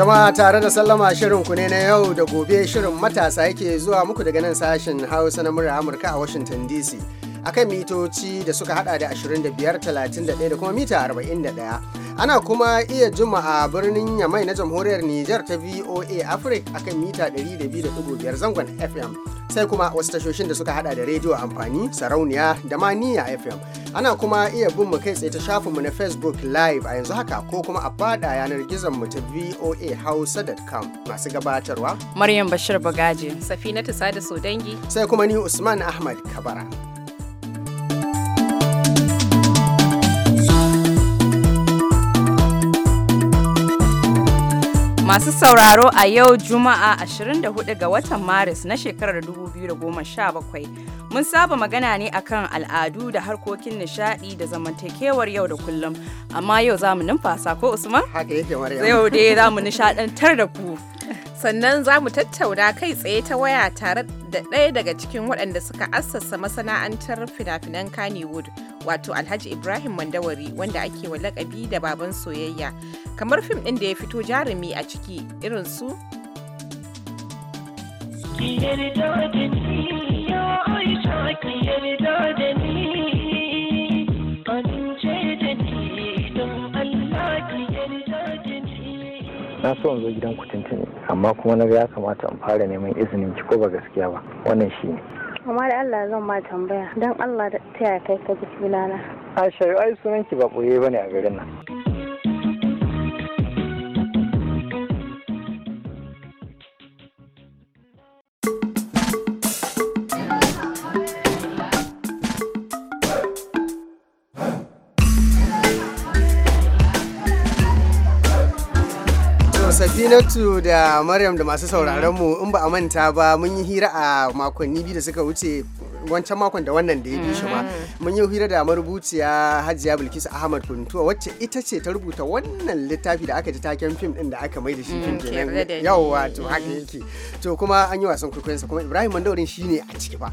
zama tare da sallama shirin ku ne na yau da gobe shirin matasa yake zuwa muku daga nan sashen Hausa na murya Amurka a Washington DC. akan mitoci da suka hada da 25, 31 da kuma mita 41. Ana kuma iya jima a birnin Yamai na jamhuriyar Niger ta VOA Africa akan mita 102.5 zangon FM. sai kuma wasu tashoshin da suka hada da rediyo amfani sarauniya da ma fm ana kuma iya bin mu kai tsaye ta shafin mu na facebook live a yanzu haka ko kuma a fada yanar gizon mu ta voa hausa.com masu gabatarwa maryam bashir Bagaji. safina tusa da sodangi sai kuma ni usman ahmad kabara Masu sauraro a yau Juma'a 24 ga watan Maris na shekarar 2017 mun saba magana ne akan al'adu da harkokin nishadi da zamantakewar yau da kullum amma yau za mu numfasa ko Usman? Haka yake Maryam. Yau dai za mu nishadantar da ku. sannan za mu tattauna kai tsaye ta waya tare da ɗaya daga cikin waɗanda suka assasa masana'antar fina-finan kannywood wato alhaji ibrahim mandawari wanda ake wa lakabi da baban soyayya kamar fim ɗin da ya fito jarumi a ciki irin su Ki da ni, na so in zo gidan ku tuntuni amma kuma na ga ya kamata in fara neman izinin ki ko ba gaskiya ba wannan shi ne amma da Allah zan ma tambaya dan Allah ta ya kai ka ji sunana a shayu ai sunan ki ba ba ne a garin nan Aminatu da Maryam da masu sauraron mu in ba a manta ba mun yi hira a makonni biyu da suka wuce wancan makon da wannan da ya bi shi ma mm-hmm. mun yi hira da marubuciya Hajiya Bilkisu Ahmad Kuntuwa wacce ita ce ta rubuta wannan littafi da aka ji taken fim din da aka mai da shi fim mm-hmm, kenan yawwa to haka mm-hmm. yake to kuma an yi wasan sa kuma Ibrahim Mandaurin shine a ciki fa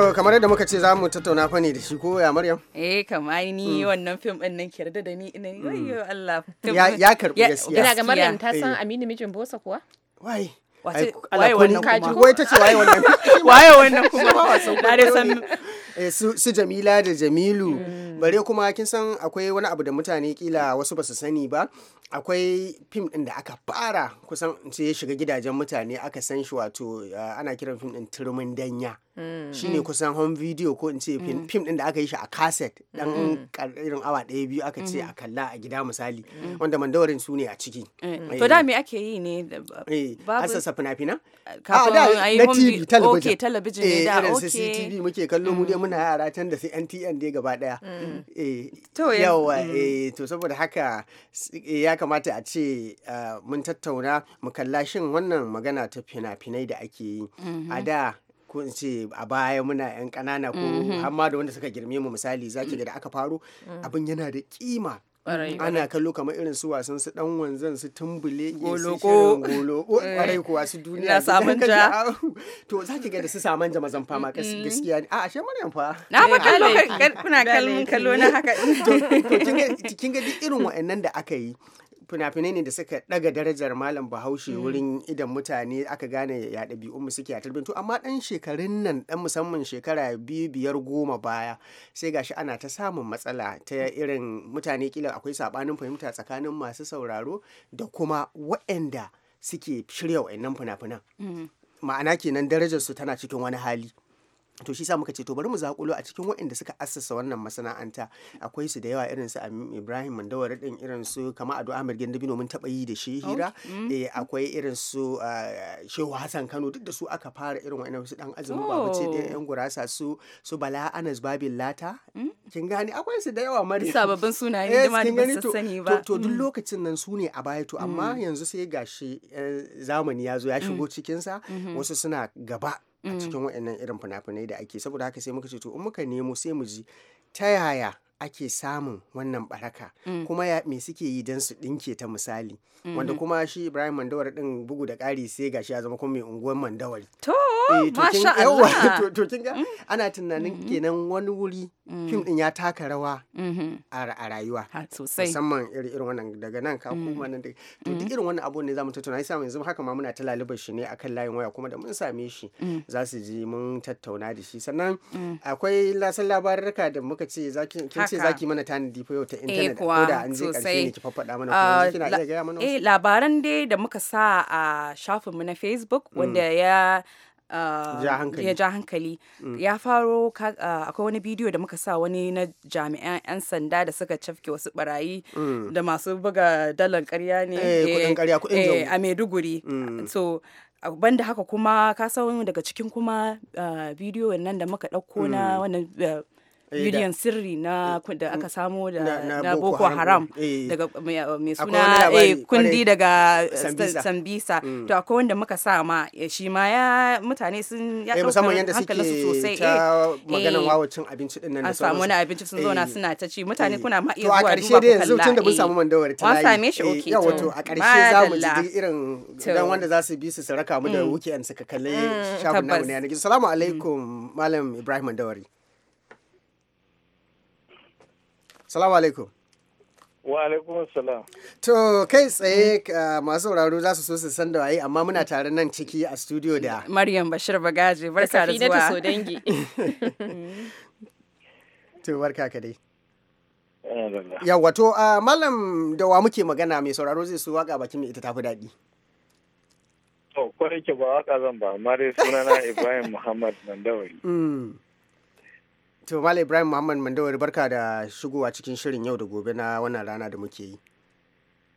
to kamar yadda muka ce za mu tattauna fani da shi ko ya maryam eh kamar ni mm. wannan film din nan kirda da ni ina yayyo mm. Allah ya karbi gaskiya ina ga maryam ta san eh. Aminu mijin Bosa kuwa wai wai wannan kuma wai tace wai wannan wai wannan kuma ba da san Eh, su jamila da jamilu mm. bare kuma kin san akwai wani abu da mutane kila wasu basu sani ba akwai fim din da aka fara kusan ce ya shiga gidajen mutane aka san shi wato eh, ana kiran fim din turmin danya mm. shine mm. kusan home video ko in ce fim din da aka yi shi a cassette dan irin awa ɗaya biyu aka ce a kalla a gida misali wanda mandawarin su ne a ciki eh, to da me ake yi ne babu asasa fina-fina ah, a da na tv talabijin ne da irin ctv muke kallo mu dai muna yara can da sai NTN dai gaba daya. Mm. Eh, to yawa mm. eh, to saboda haka eh, ya kamata a ce mun tattauna mu kalla shin wannan magana ta fina-finai da ake yi. Mm-hmm. A da ko in ce a baya muna yan ƙanana ko mm-hmm. amma da wanda suka girme mu misali zaki ga da aka faro mm. abin yana da kima ana kallo kamar irin su wasan su dan wanzan su tumbule goloko goloko kwarai kuwa su duniya saman ja to za ki ga da su saman ja mazan fama gaskiya ne a ashe maryam fa na ba kallo kuna kallon kallo na haka to kin ga irin wa'annan da aka yi fina-finai ne da suka ɗaga darajar malam bahaushe mm. wurin idan mutane aka gane ya ɗabi'unmu suke a to amma ɗan shekarun nan ɗan musamman shekara biyu biyar goma baya sai gashi ana ta samun matsala ta irin mutane kila akwai saɓanin fahimta tsakanin masu sauraro da kuma waɗanda suke shirya wa'annan fina-finan mm. ma'ana kenan darajar su tana cikin wani hali to shi sa muka ce to bari mu zakulo a cikin waɗanda suka assasa wannan masana'anta akwai su da yawa irin su Ibrahim Mandawari din irin su kama Ado Ahmed Gandabino mun taɓa yi da shi hira mm. eh, akwai irin su eh, Shehu Hassan Kano duk da su aka fara irin waɗannan su dan azumi babu ce ɗin yan gurasa su su Bala Anas Babin Lata mm. kin gani akwai su da yawa mari sababbin sunaye eh, da ma ban sani ba to duk mm. lokacin nan su ne a baya to amma yanzu sai gashi zamani ya zo ya shigo cikin sa mm-hmm. wasu suna gaba a mm. cikin waɗannan irin fina-finai da ake saboda haka sai muka ce to in muka nemo sai mu ji ta yaya ake samun wannan baraka mm. kuma ya me suke yi don su ɗinke ta misali mm. wanda kuma shi ibrahim mandawar din bugu da ƙari sai gashi ya zama kuma mai unguwar mandawari to masha Allah eh, to kin ga mm. ana tunanin -hmm. kenan wani wuri mm. fim din ya taka rawa mm-hmm. a rayuwa sosai musamman irin irin wannan daga nan ka mm. kuma nan to duk irin wannan abu ne zamu tattauna sai yanzu haka ma muna ta lalubar shi ne akan layin waya kuma da mun same shi za su ji mun tattauna da shi sannan akwai lasan labarurka da muka ce za ki ce zaki mana tanadi fa yau ta eh, internet ko da an je karshe ne ki faffada mana ko kina ah, iya gaya mana eh labaran dai da muka sa a shafinmu na Facebook mm. wanda ya ah, ya ja hankali mm. ya faro ah, akwai wani bidiyo da muka sa wani na jami'an 'yan sanda da suka cafke wasu barayi mm. da masu buga dalan karya ne eh, eh, a maiduguri so banda haka kuma ka daga cikin kuma bidiyo nan da muka ɗauko na wannan Eh, bidiyon sirri na eh, da aka mm, samo da na boko haram eh. daga mai suna kundi daga sambisa mm. to akwai wanda muka sa ma shi ma ya mutane sun ya musamman yadda suke ta maganan wawacin abinci din nan da samu wani abinci sun zauna suna ta ci mutane kuna ma iya zuwa duba ku kalla to a karshe dai yanzu tun da mun samu mandawar ta same shi okay yawa to a karshe za mu ji irin dan wanda za su bi su saraka mu da an mm. suka kalle shafin namu ne yanar gizo salamu alaikum malam Ibrahim Mandawari Salamu alaikum. Wa alaikum salam. To kai tsaye masu sauraro za su so su san da waye amma muna tare nan ciki a studio da Maryam Bashir Bagaje barka da zuwa. so dangi. To barka ka dai. Yawwa to malam da wa muke magana mai sauraro zai so waka bakin mai ita tafi daɗi. To kwarai ke ba waka zan ba mare sunana Ibrahim Muhammad Mandawari. Mm. To Mala Ibrahim Muhammad Mandawari barka da shigowa cikin shirin yau da gobe na wannan rana da muke yi.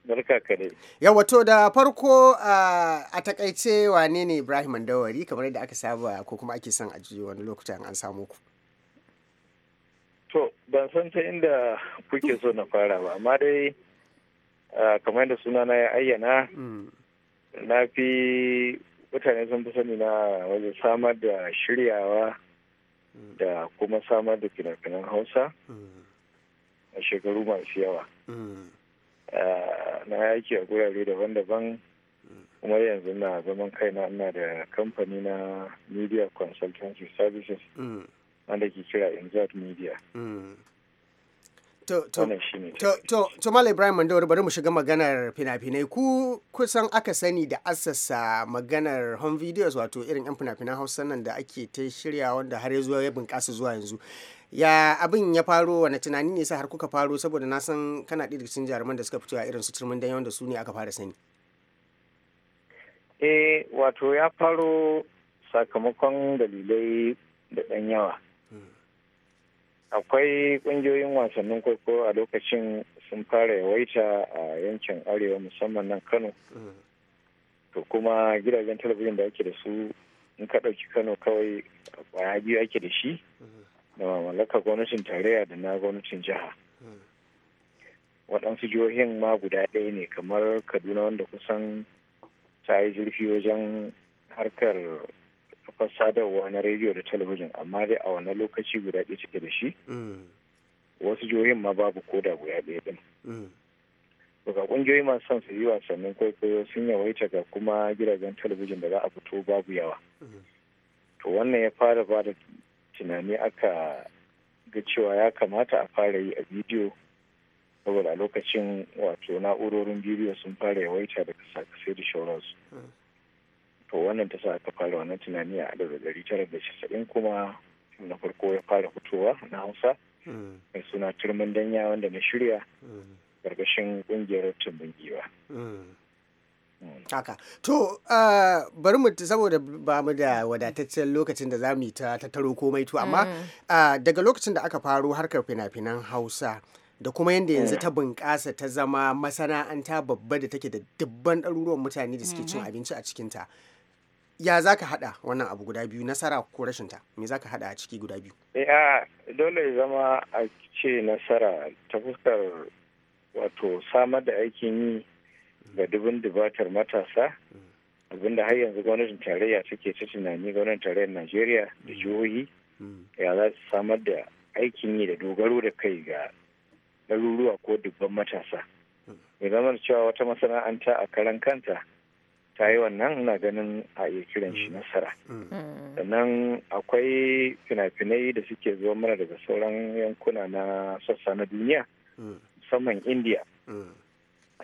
Barka ka ne Yawa to da farko a takaice wane ne Ibrahim Mandawari kamar yadda aka saba ko kuma ake son a wani lokutan an samu ku. To ban san ta inda kuke so na fara ba amma dai kamar yadda suna na ya ayyana mm. na fi mutane sun fi sani na wajen samar da shiryawa da kuma samar da fina hausa a shekaru masu yawa mm. ah, na yaki a gurare daban-daban kuma yanzu na zaman kaina ina da kamfani na media consultancy services mm. wanda ke kira inzat media mm. To, Malam Ibrahim Mandawar bari mu shiga maganar fina-finai. Ku kusan aka sani da asasa maganar home videos wato irin 'yan fina-finan Hausa nan da ake ta shirya wanda har ya zuwa ya bunƙasa zuwa yanzu. ya abin ya faro wani tunani ne sa har kuka faro saboda na san kana ɗi daga cikin jaruman da suka fito a irin su turmin dan da su ne aka fara sani eh wato ya faro sakamakon dalilai da ɗan yawa akwai kungiyoyin wasannin kwaikwayo a lokacin sun fara yawaita a yankin arewa musamman nan kano mm. to kuma gidajen talabijin da ake da su in ka ɗauki kano kawai kwaya biyu ake da shi mm. da mamallaka gwamnatin tarayya da na gwamnatin jiha mm. waɗansu jihohin ma guda ɗaya ne kamar kaduna wanda kusan ta yi zurfi wajen harkar kafar sadarwa na rediyo da talabijin amma dai a wannan lokaci guda ɗaya cike da shi mm. wasu jihohin ma babu ko da guda ɗaya ɗin daga mm. ƙungiyoyi masu son su yi wasannin kwaikwayo sun yawaita ga kuma gidajen talabijin da za a fito babu yawa mm. to wannan ya fara ba da tunani aka ga cewa ya kamata a fara yi a bidiyo saboda lokacin wato na'urorin bidiyo sun fara yawaita da kasa da shauransu to wannan ta sa aka fara wannan tunani a adar da dari tara da casa'in kuma na farko ya fara fitowa na hausa mai suna turmin danya wanda na shirya gargashin kungiyar tumbin giwa haka to eh, bari mu saboda ba mu da wadataccen lokacin da za mu yi ta tattaro komai to amma mm. eh, daga lokacin da aka faro harkar fina-finan hausa da kuma yadda yanzu mm. ta bunƙasa ta zama masana'anta babba da take da dubban ɗaruruwan mutane da suke cin mm-hmm. abinci a cikinta. ta ya za ka haɗa wannan abu guda biyu nasara ko rashin me za ka haɗa a ciki guda biyu ya dole zama a ce nasara ta fuskar wato samar da aikin yi ga dubin dubatar matasa mm. abinda har yanzu gwamnatin tarayya take ta tunani gwamnatin tarayyar najeriya da mm. jihohi mm. ya za su samar da aikin yi da dogaro da kai ga ɗaruruwa ko dubban matasa ya zama cewa wata masana'anta a karan kanta ta yi wannan ina ganin a iya kiran shi mm. nasara mm. Mm. sannan akwai fina-finai da suke zuwa mana daga sauran yankuna na sassa na duniya musamman india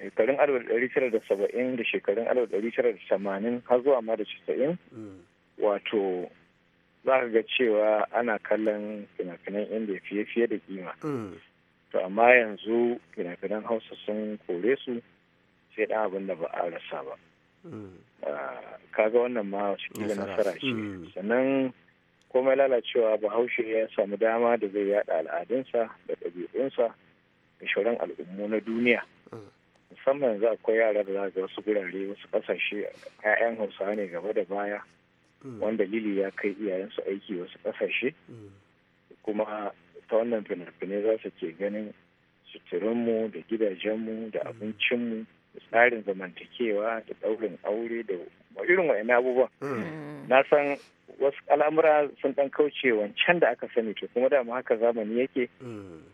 shekarun 1970 da shekarun 1980 har zuwa ma da 90 wato za ga cewa ana kallon fina-finan india fiye-fiye da kima to amma yanzu fina-finan hausa sun kore su sai ɗan abin da ba a rasa ba Ah, kaga wannan ma shi nasara shi mm. sannan komai lalacewa bahaushe ya samu dama da zai yada al'adunsa da ɗabi'unsa da shauran al'ummu na duniya mm. musamman yanzu akwai yara da za ga wasu gurare wasu ƙasashe 'ya'yan hausawa ne gaba da baya mm. wanda lili ya kai iyayensu aiki wasu ƙasashe kuma ta wannan fina-finai za su ke ganin suturinmu da gidajenmu da abincinmu da tsarin zamantakewa da ɗaurin aure da irin wa'in abubuwan mm. Mm. na san wasu al'amura sun ɗan kauce wancan da aka sani to kuma dama haka zamani yake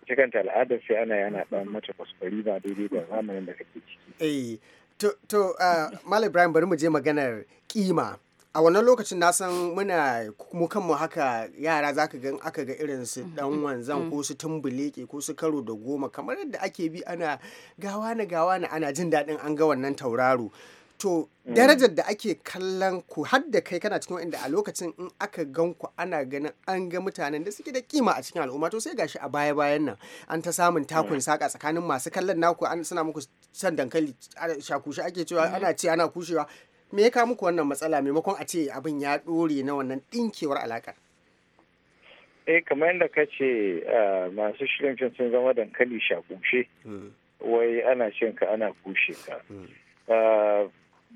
cikin mm. al'adar sai ana yana ɗan mata kwaskwari ba daidai da zamanin da kake ciki eh, to, to uh, Malam Ibrahim bari mu je maganar kima a wannan lokacin na san muna mu kanmu haka yara zaka gan aka ga irin su dan mm-hmm. wanzan mm. ko su tumbuleke ko su karo da goma kamar yadda ake bi ana gawa na gawa na ana jin daɗin an ga wannan tauraro to mm. darajar da ake kallon ku har kai kana cikin wanda a lokacin in aka gan ku ana ganin an ga mutanen da suke da kima a cikin al'umma to sai gashi a baya bayan nan an ta samun takun mm. saka tsakanin masu kallon naku an suna muku san dankali shakushi ake cewa ana ci ana kushewa me ya kawo muku wannan matsala maimakon a ce abin ya ɗore na wannan ɗinkewar alaƙar eh kamar yadda ka ce eh, masu shirin fim sun zama dankali shakushe hmm. wai ana cin ka ana kushe ka hmm. eh,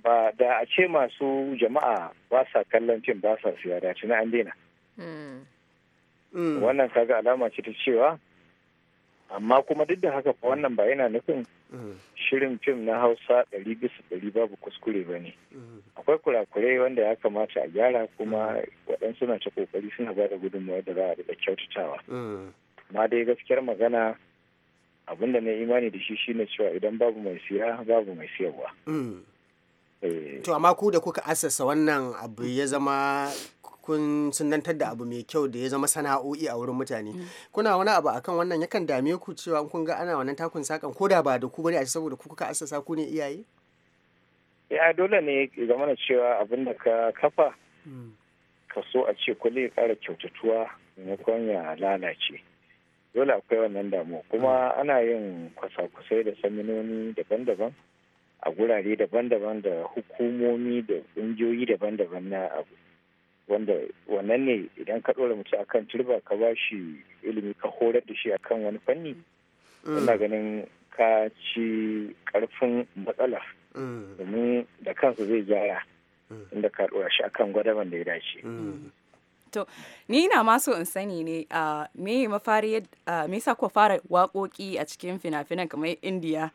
ba da a ce masu jama'a ba sa kallon fim ba sa siya da tuna an daina hmm. wannan kaga alama ce ta cewa amma kuma duk da haka fa wannan ba yana nufin shirin fim na hausa ɗari bisa ɗari babu kuskure ba ne akwai kurakurai wanda ya kamata a gyara kuma waɗansu na ta ƙoƙari suna ba da gudunmawa da za a daɗa kyautatawa amma dai gaskiyar magana abinda da na imani da shi shine cewa idan babu mai siya babu mai siyarwa Eh. to amma ku da kuka asasa wannan abu ya zama kun sunantar da abu mai kyau da ya zama sana'o'i a wurin mutane mm. kuna wani abu akan wannan yakan dame ku cewa kun ga ana wannan takun sakan ko da ba da ku bane a saboda ku kuka asasa ku ne iyaye ya dole ne zama na cewa abin da ka kafa mm. ka so a ce kulle ya kara kyautatuwa maimakon ya lalace dole akwai wannan damu kuma mm. ana yin kwasa-kwasai da saminoni daban-daban a gurare daban-daban da hukumomi da ƙungiyoyi daban-daban na abu wanda wannan ne idan ka ɗora mutum akan turba ka ba shi ilimi ka horar da shi a kan wani fanni mm. ina ganin ka ci ƙarfin matsala mm. domin da kansu zai gyara mm. inda ka ɗora shi akan gwadaban da ya dace to ni na ma so in sani ne me mafari me yasa ku fara waƙoƙi a cikin fina-finan kamar indiya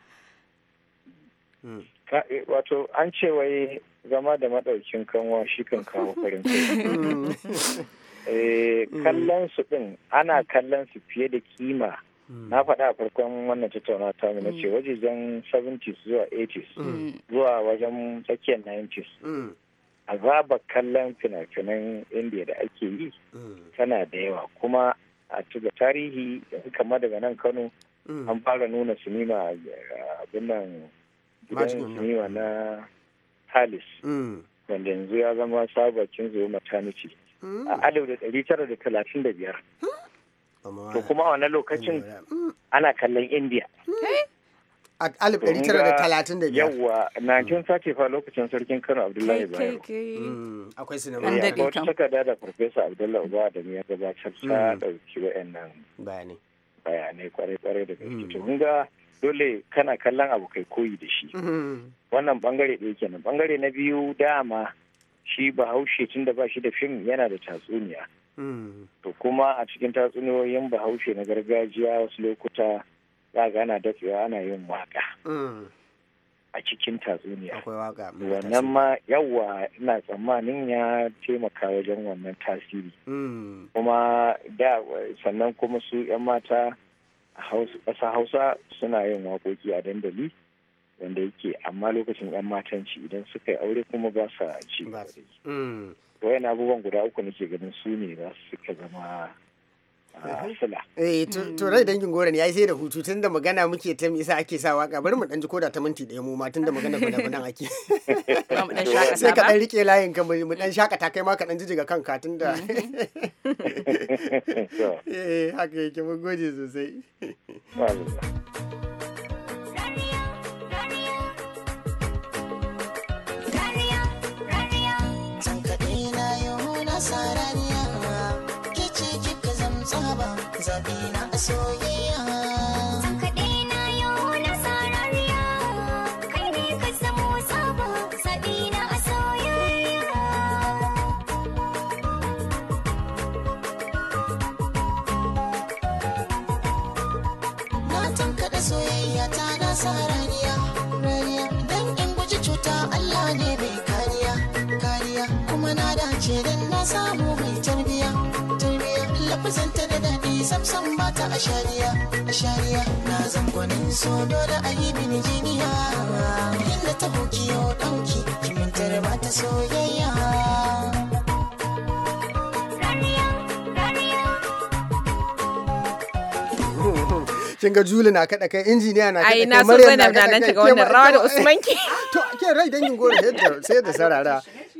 Eh, wato an ce wai zama da maɗaukin kanwa shi kan kawo farin eh, kallon su ɗin ana kallon su fiye da kima mm. na faɗa a farkon wannan tattaunawa ta na ce mm. wajen 70s zuwa 80s mm. zuwa wajen tsakiyar 90s azabar kallon fina-finan indiya da ake yi tana da yawa kuma a tuga tarihi kama daga nan kano an fara nuna sinima eh, abin nan gidan sinima na palace mm. wanda yanzu ya zama sabakin zuwa maternity mm. a alif da ɗari tara da talatin da biyar mm. to kuma a wannan lokacin ana kallon india a alif ɗari tara da talatin da biyar yawwa na kin sake fa lokacin sarkin kano abdullahi bayero akwai sinima ya ko ta saka da farfesa abdullahi ba da ya gabatar ta ɗauki wa'annan bayanai bayanai kwarai-kwarai daga cikin hunga dole kana kallon abu kai koyi da shi mm-hmm. wannan bangare ɗaya kenan bangare na biyu dama shi bahaushe tun da ba shi da fim yana da tatsuniya mm-hmm. to kuma a cikin tatsuniyoyin bahaushe na gargajiya wasu lokuta za ga ana datsewa ana yin waka mm-hmm. a cikin tatsuniya wannan ma yawa ina tsammanin ya taimaka wajen wannan tasiri kuma da sannan kuma su 'yan mata ƙasa hausa suna yin waƙoƙi a dandali wanda yake amma lokacin yan matanci idan suka yi aure kuma ba sa ci mm. wayan abubuwan guda uku nake ganin su ne za su suka zama sila. Eh turai hmm. dangin goro ne ya sai da hutu tun da magana muke ta isa ake sa waka bari mu dan ji koda ta minti ɗaya mu ma tun da magana bana bana ake. Sai ka dan rike layin ka mu dan shakata kai ma ka dan jijjiga kanka tun da. Mm-hmm. Eh haka yake mun gode sosai. zaɓi na soyayya. Zan kaɗe na yau na sarariya, kai ne ka zamo sabon zaɓi na soyayya. Na tankaɗe soyayya ta na sarariya, rariya Dan in guji cuta Allah ne mai kariya, kariya kuma na dace don na samu mai tarbiya, tarbiya lafazanta da ni samsam mata a shariya a shariya na zan gwanin so dole a yi bini jiniya inda ta hoki yau ɗauki kimantar ba ta soyayya kin ga Juli na kaɗa kai injiniya na kaɗa kai mariyar na kaɗa kai rawa da to ke rai dangin sai da sarara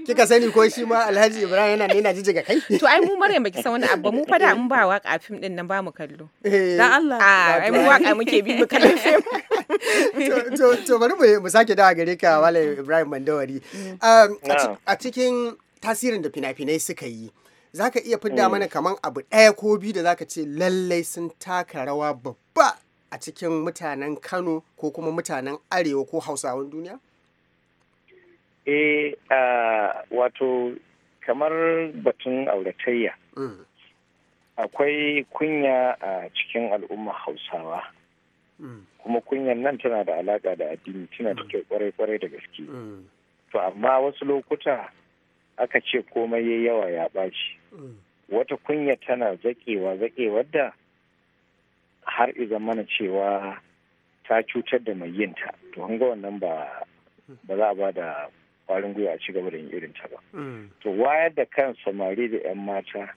kika sani ko shi ma Alhaji Ibrahim yana yana jijjiga kai to ai mu Maryam baki san wani abu mu fada in ba waka a din nan ba mu kallo eh. dan Allah ah, ai mu waka muke bi mu kallo fim to bari mu sake dawa gare ka Malam Ibrahim Mandawari mm. um, a cikin tasirin da fina-finai suka yi zaka iya fidda mm. mana kaman abu ɗaya ko biyu da zaka ce lallai sun taka rawa babba a cikin mutanen kano ko kuma mutanen arewa ko hausawan duniya? eh wato kamar batun auratayya mm. akwai kunya a cikin al'umma hausawa mm. kuma kunyan nan tana da alaƙa da addini tana da mm. kyau kwarai-kwarai da gaske to amma wasu lokuta aka ce komai ya yawa ya ɓaci wata kunya tana zaƙewa zaƙewar da har iza mana cewa ta cutar da mai yinta to hanga wannan ba za a ba da kwarin gwiwa ci gaba da irin ta ba. Mm. To wayar da kan samari da 'yan mata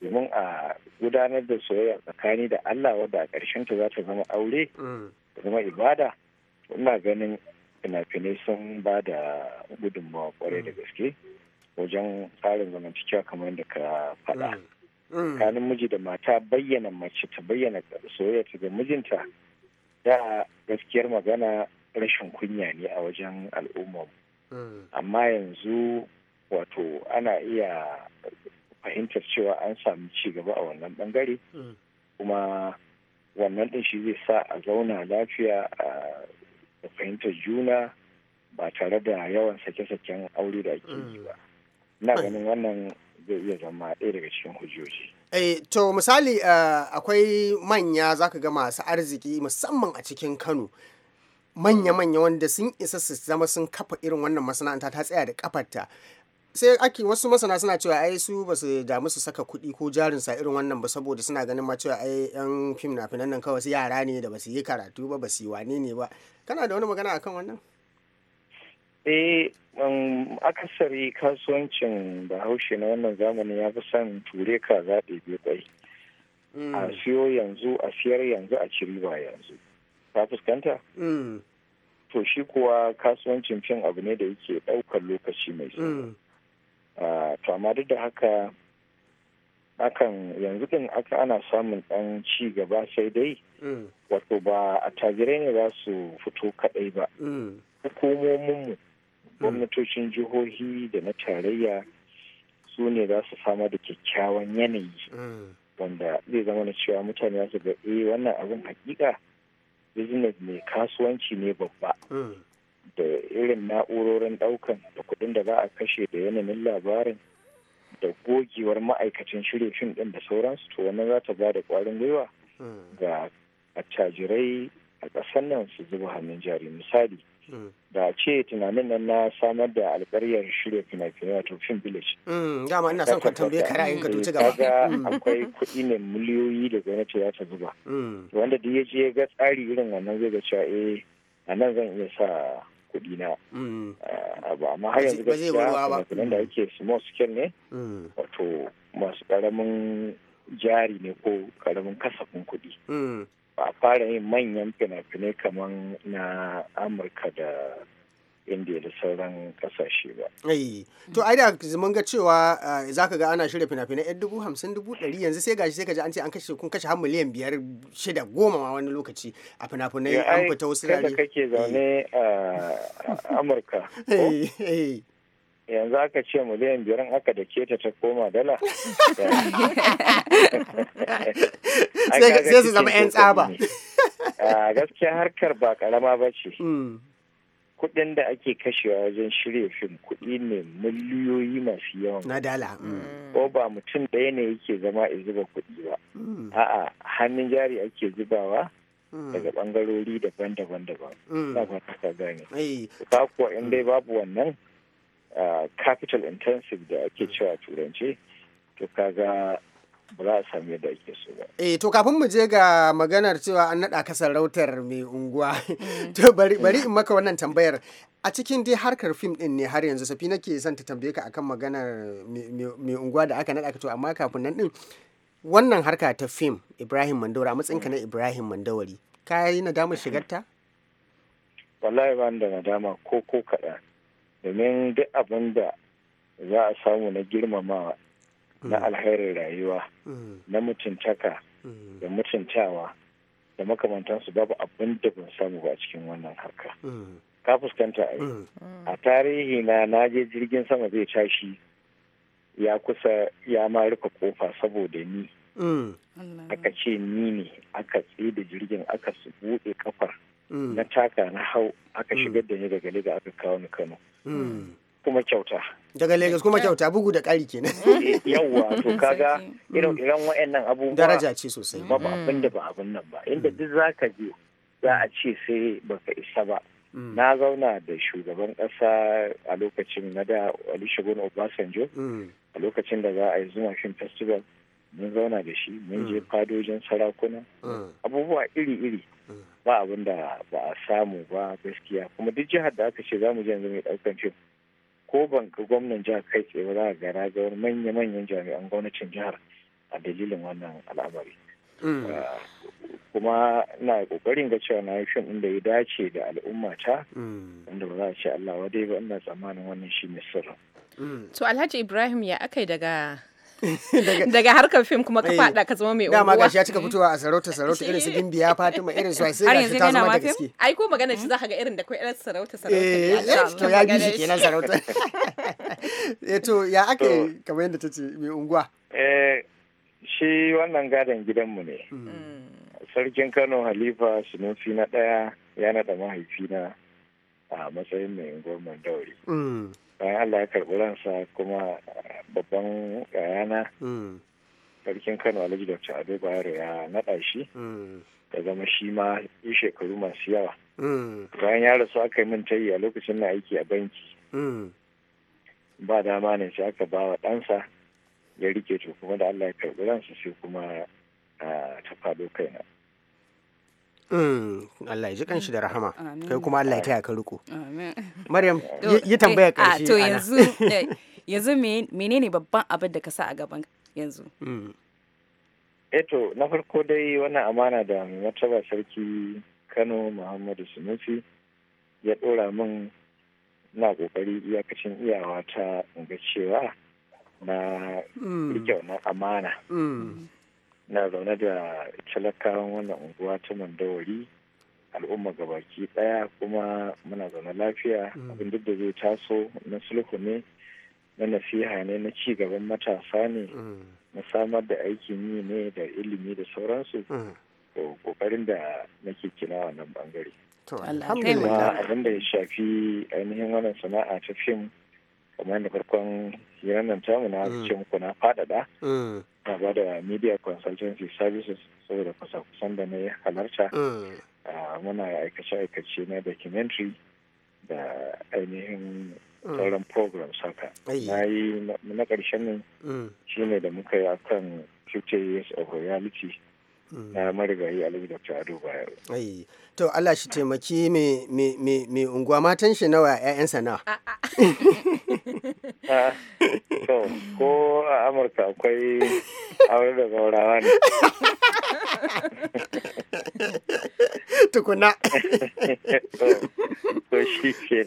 domin a gudanar da soyayya tsakani da Allah wadda a ƙarshen ta za ta zama aure mm. ta zama ibada ina ganin fina-finai sun ba da gudunmawa kwarai da mm. gaske wajen tsarin zamantakewa kamar da ka faɗa. Kanin miji da mata bayyana mace ta bayyana soyayya ta ga mijinta da gaskiyar magana rashin kunya ne a wajen al'ummar Mm. amma yanzu wato ana iya fahimtar cewa an sami ci gaba a wannan bangare mm. kuma wannan din shi zai sa a zauna lafiya a fahimtar juna ba tare da yawan sake-saken aure da ake yi ba mm. na ganin wannan zai iya zama ɗaya daga cikin hujjoji Eh, to misali eh, akwai manya zaka ga masu arziki musamman a cikin kano manya-manya wanda sun isa su zama sun kafa irin wannan masana'anta ta tsaya da kafarta sai ake wasu masana suna cewa ai su ba su damu su saka kuɗi ko jarin sa irin wannan ba saboda suna ganin ma cewa ai yan fim na finan nan kawai su yara ne da ba su yi karatu ba ba su yi wane ne ba kana da wani magana akan wannan eh um, akasari kasuwancin bahaushe na wannan zamani ya fi son ture ka zaɓe biyu kwai hmm. a siyo yanzu a siyar yanzu a ciri ba yanzu ka fuskanta mm. to shi kuwa kasuwancin fim abu ne da yake ɗaukar lokaci mai mm. ah, to amma duk da haka akan yanzu din aka ana samun ɗan ci gaba sai dai mm. wato ba a tajirai ne za su fito kaɗai ba hukumominmu gwamnatocin jihohi da na tarayya su ne za su samar da kyakkyawan yanayi wanda zai zama na cewa mutane za su ga eh wannan abin hakika business mai kasuwanci ne babba hmm. da irin na'urorin daukan da kudin da za a kashe da yanayin labarin da gogewar ma'aikacin shirya fim din da sauransu to wannan za ta ba da kwarin gwiwa hmm. ga attajirai a ƙasar nan su zuba hannun jari misali da ce tunanin nan na samar da alkaryar shirya fina-finai wato film village. Mm, dama ina son tambaye ka ra'ayin ka tuci eh, gaba. Kaga mm. akwai kuɗi ne miliyoyi da gwamnati za ta zuba. Mm. Wanda da ya je ya ga tsari irin wannan zai ga cewa eh a nan zan iya sa kuɗi na. Eh, Abu amma har yanzu gaskiya fina da ake small scale ne wato masu ƙaramin jari ne ko ƙaramin kasafin kuɗi. fara yin manyan fina-finai kamar na amurka da indiya da sauran kasashe ba. to ai da mun ga cewa eh, za ka ga ana shirya fina-finai yan dubu hamsin dubu ɗari yanzu sai gashi sai ka ji an ce an kashe kun kashe har miliyan biyar shida goma ma wani lokaci a fina-finai an fita wasu rari. kake zaune eh. Eh, a amurka. yanzu aka ce miliyan biyar aka da keta ta koma dala sai su zama 'yan tsaba gaskiya harkar ba karama ba ce mm. kudin da ake kashewa wajen shirya fim kudi ne miliyoyi masu yawan na dala mm. ko ba mutum ɗaya ne yake zama ya zuba kudi ba mm. a'a hannun jari ake zubawa daga bangarori daban-daban daban ba ka gane ba kuwa in dai babu wannan capital intensive da ake cewa turanci to kaga ba za a sami yadda ake so ba. Eh to kafin mu je ga maganar cewa an naɗa kasar rautar mai unguwa mm. to bari in maka wannan tambayar a cikin dai harkar fim din ne har yanzu safi nake son ta tambaye ka akan maganar mai unguwa da aka naɗa ka to amma kafin nan din wannan harka ta fim Ibrahim Mandawari a ka na Ibrahim Mandawari ka yi nadamar shigarta? Wallahi ba da nadama ko ko kaɗan. domin duk abin da za a samu na girmamawa na mm. alherin rayuwa mm. na mutuntaka mm. da mutuntawa da makamantansu babu abin da ban samu ba a cikin wannan harka ka fuskanta a tarihi na na je jirgin sama zai tashi ya kusa ya ma rufe kofa saboda ni aka ce ni ne aka tsaye da jirgin aka su buɗe kafar Mm. na taka na hau aka mm. shigar da ni daga Lagos aka kawo ni Kano mm. kuma kyauta daga Lagos kuma kyauta bugu da ƙari kenan eh, yawwa to kaga irin irin wa'annan abubuwa daraja ce sosai ba abin da ba abin nan ba inda duk ka je za a ce sai baka isa ba na zauna da shugaban ƙasa a lokacin na da Olusegun Obasanjo a lokacin da za a yi Zuma Shin Festival mun zauna da shi mun je mm. fadojin sarakuna mm. abubuwa iri-iri mm. ba abin da ba a samu ba gaskiya kuma duk jihar da aka ce za mu je yanzu mai ɗaukan fim ko ban ga gwamnan jihar kai tsaye ba za a gara ga ragawar manya-manyan jami'an gwamnatin jihar a dalilin wannan al'amari ah, kuma na kokarin ga cewa na yi fim inda ya dace da al'ummata inda ba za a ce Allah dai ba ina tsammanin wannan shi ne sirrin. To Alhaji Ibrahim ya yi daga daga harkar fim kuma ka fada ka zama mai unguwa dama gashi ya cika fitowa a sarauta sarauta irin su gimbiya fatima irin su sai gashi ta zama da gaske ai ko magana shi zaka ga irin da kai irin sarauta sarauta eh, to ya bi shi kenan sarauta eh to ya ake kamar yadda tace mai unguwa eh shi wannan gadon gidanmu ne hmm. mm. sarkin kano halifa sinusi na daya da mahaifi mahaifina a matsayin mai unguwar mandauri hmm. bayan Allah ya karɓi ransa kuma babban yayana mm. sarkin Kano Alhaji Dr. Ado Bayero ya naɗa shi da mm. zama shi ma yi shekaru masu yawa. Mm. Bayan ya rasu aka yi min tayi a lokacin na aiki a banki. Ba dama ne sai aka ba wa ɗansa ya rike to kuma da Allah ya karɓi ransa sai kuma ah, ta faɗo kaina. Mm. Allah ya ji kanshi da rahama kai kuma Allah ya taya ka riko Maryam yi tambaya eh, ah, ƙarshe to yanzu eh, yanzu menene babban abin da ka sa a gaban yanzu mm. eto eh, na farko dai wannan amana da martaba sarki Kano Muhammadu Sunusi ya ɗora min na ƙoƙari iyakacin iyawa ta ga cewa na mm. rike wannan amana na zaune da talakawan wannan unguwa ta mandawari al'umma gabaki daya kuma muna zaune lafiya mm. abin duk da zai taso na sulhu ne na nasiha ne na ci gaban matasa ne mm. na samar da aikin yi ne da ilimi da sauransu kokarin mm. da nake kina wannan bangare alhamdulillah abin da ya shafi ainihin wannan sana'a ta fim kamar da farkon yanar tamu na ce muku na faɗaɗa gaba da media consultancy services saboda kusa-kusan da na yi halarta mm. ah, muna aikace-aikace na documentary da ainihin mm. sauran programs haka na yi na ƙarshen nan mm. shine da muka yi akan 50 years of reality na marigayi alhaji dr ado bayero to allah shi taimaki mai unguwa matan shi nawa 'ya'yansa na Ah, to ko a amurka akwai aure da gaurawa ne tukuna to shi ke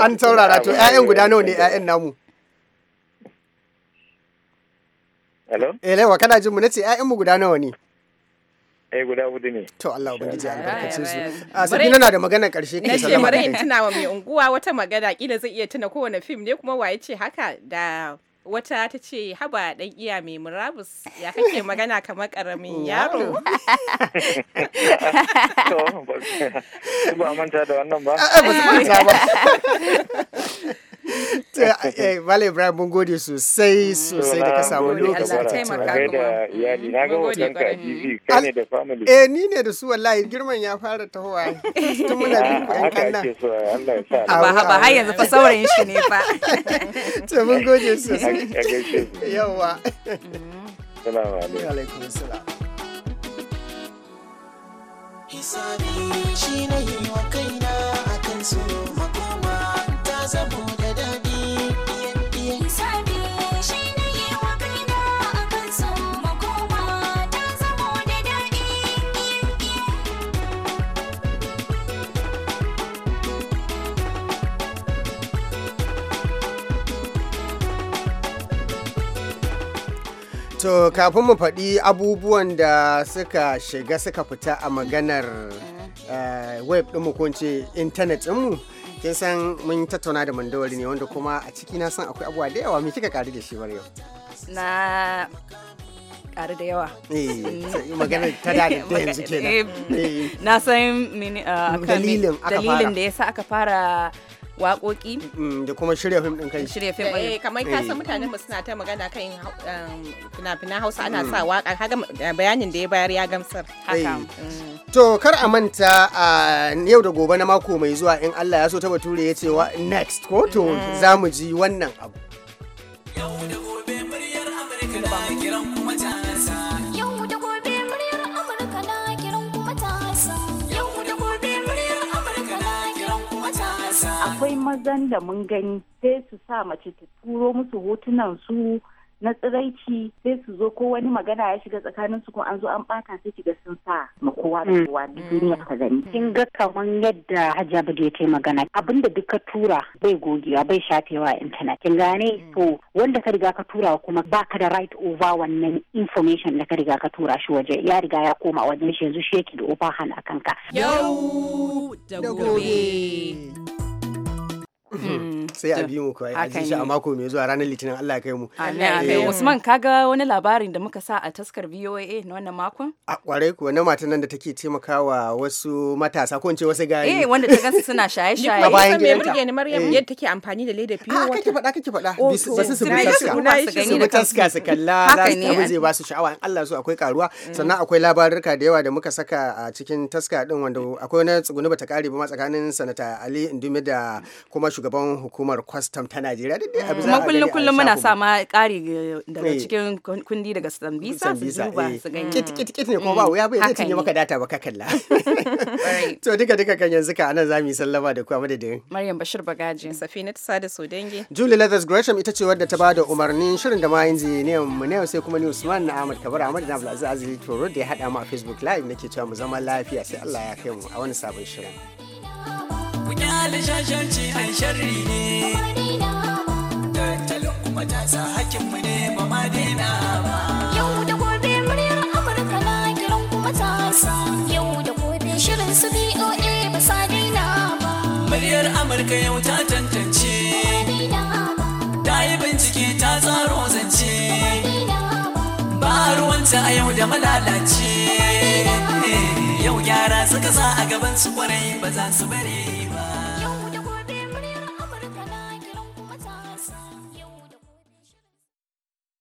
an saurara to 'ya'yan guda nawa ne 'ya'yan namu Hello? Elewa eh, kana jin mu ce 'ya'yan mu guda nawa ne? eh guda hudu ne to Allah ubangiji albarkace su a sabina na da magana karshe kai sallama da kai tuna wa mai unguwa wata magana kila zai iya tuna kowane film ne kuma waye ce haka da wata ta ce haba dan iya mai murabus ya kake magana kamar karamin yaro ba manta da wannan ba ba manta ba Vale, eh, eh, Ibrahim mun gode sosai mm, sosai da ka samu lokaci a tattara. da iyali na ga hoton ka a kai ne da family. Eh ni ne da su wallahi girman ya fara tahowa. Tun muna bin ku ƴan kanna. Eh, ba ba har yanzu fa saurayin shi ne fa. To mun gode sosai. Yawwa. Assalamu alaikum. Wa alaikum assalam. Hisabi shi na yi wa kaina akan tsoro. To kafin mu faɗi abubuwan da suka shiga suka fita a maganar eh, web ɗinmu ko ce intanet ɗinmu kin san mun tattauna da mandawari ne wanda kuma a ciki na san akwai abubuwa da yawa me kika ƙari da shi yau. Na ƙari da yawa. Eh, maganar ta da yanzu kenan. Eh, na san dalilin da ya sa aka fara waƙoƙi mm, da kuma shirya fim din kai shirya fim eh, eh kamar ka eh. san mutanen mu suna ta magana kan um, fina-finan Hausa ana sa mm. waƙa haka bayanin da ya bayar ya gamsar haka eh. mm. to kar a manta a yau da gobe na mako mai zuwa in Allah ya so ta bature ya ce wa next ko to za ji wannan abu yau da mazan da mun gani sai su sa mace ta turo musu hotunan su na tsiraici sai su zo ko wani magana ya shiga tsakanin su ko an zo an bata sai kiga sun sa ma kowa da mm. kowa duniya ta gani kin ga kaman yadda Hajiya Bade ta magana abinda duk ka tura bai gogewa bai shafewa internet kin gane mm. to wanda ka riga ka tura kuma baka da right over wannan information da ka riga ka tura shi waje ya riga ya koma wajen shi yanzu shi yake da overhand a ka yau da gobe Hmm. Hmm. sai a bi mu kawai a ji shi a mako mai zuwa ranar litinin Allah ya kai mu eh. Usman kaga wani labarin da muka sa a taskar VOA na wannan makon a kwarai kuwa na matan nan da take taimakawa wasu matasa ko ce wasu gari eh wanda ta gansu suna shaye shaye a mai gidanta mai Maryam eh. yadda take amfani da leda fiyo wata ah, kake faɗa kake faɗa oh, ba su su bi taska su kalla za su zai ba su sha'awa in Allah so akwai karuwa mm. sannan akwai labarurka da yawa da muka saka a cikin taska din wanda akwai wani tsuguni bata kare ba ma tsakanin sanata Ali Indumi da kuma shugaban hukumar kwastam ta najeriya duk dai abu za kullum kullum muna sa ma kare daga eh. cikin kundi daga sambisa su duba eh. su gani kit kit kit ne kuma ba mm. wuya bai zai maka data ba kakalla kalla to duka duka kan yanzu ka anan zamu yi sallama da kuma madadin maryam bashir bagaji safina ta sada so dange julie leathers gresham ita ce wadda ta ba da umarnin shirin da ma ne mu ne sai kuma ni usman na ahmad kabar ahmad da abdulaziz azizi toro da ya hada mu a facebook live nake cewa mu zama lafiya sai Allah ya kai mu a wani sabon shirin ku kyale shashanci ai sharri ne tattalin kuma ta sa hakinmu ne ba ma daina ba yau da gobe muryar amurka na kiran kuma ta sa yau da gobe shirin su boa ba sa daina ba muryar amurka yau ta tantance ta yi bincike ta tsaro zance ba ruwanta a yau da malalace yau gyara suka sa a gaban su kwarai ba za su bari.